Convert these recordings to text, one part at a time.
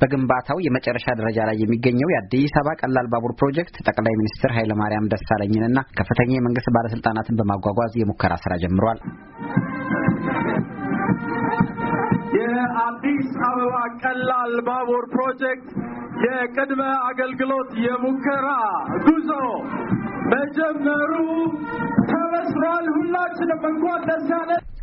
በግንባታው የመጨረሻ ደረጃ ላይ የሚገኘው የአዲስ አበባ ቀላል ባቡር ፕሮጀክት ጠቅላይ ሚኒስትር ኃይለማርያም ደሳለኝንና ከፍተኛ የመንግስት ባለስልጣናትን በማጓጓዝ የሙከራ ስራ ጀምሯል። የአዲስ አበባ ቀላል ባቡር ፕሮጀክት የቅድመ አገልግሎት የሙከራ ጉዞ መጀመሩ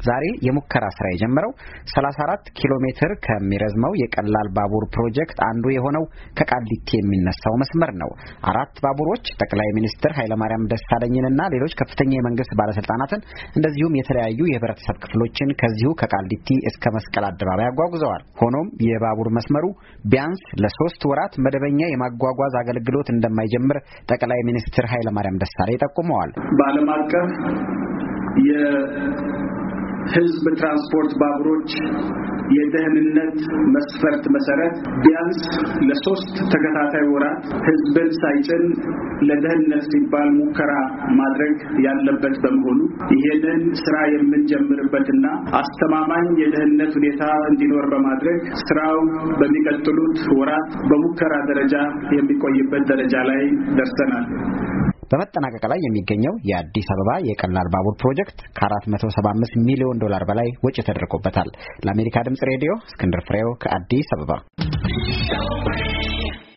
ዛሬ የሙከራ ስራ የጀመረው 34 ኪሎ ሜትር ከሚረዝመው የቀላል ባቡር ፕሮጀክት አንዱ የሆነው ከቃሊቲ የሚነሳው መስመር ነው። አራት ባቡሮች ጠቅላይ ሚኒስትር ኃይለማርያም ደሳለኝንና ሌሎች ከፍተኛ የመንግስት ባለስልጣናትን እንደዚሁም የተለያዩ የህብረተሰብ ክፍሎችን ከዚሁ ከቃሊቲ እስከ መስቀል አደባባይ አጓጉዘዋል። ሆኖም የባቡር መስመሩ ቢያንስ ለሶስት ወራት መደበኛ የማጓጓዝ አገልግሎት እንደማይጀምር ጠቅላይ ሚኒስትር ኃይለማርያም ደሳለኝ ጠቁመዋል። በዓለም አቀፍ ህዝብ ትራንስፖርት ባቡሮች የደህንነት መስፈርት መሰረት ቢያንስ ለሶስት ተከታታይ ወራት ህዝብን ሳይጭን ለደህንነት ሲባል ሙከራ ማድረግ ያለበት በመሆኑ ይሄንን ስራ የምንጀምርበትና አስተማማኝ የደህንነት ሁኔታ እንዲኖር በማድረግ ስራው በሚቀጥሉት ወራት በሙከራ ደረጃ የሚቆይበት ደረጃ ላይ ደርሰናል። በመጠናቀቅ ላይ የሚገኘው የአዲስ አበባ የቀላል ባቡር ፕሮጀክት ከ475 ሚሊዮን ዶላር በላይ ወጪ ተደርጎበታል። ለአሜሪካ ድምጽ ሬዲዮ እስክንድር ፍሬው ከአዲስ አበባ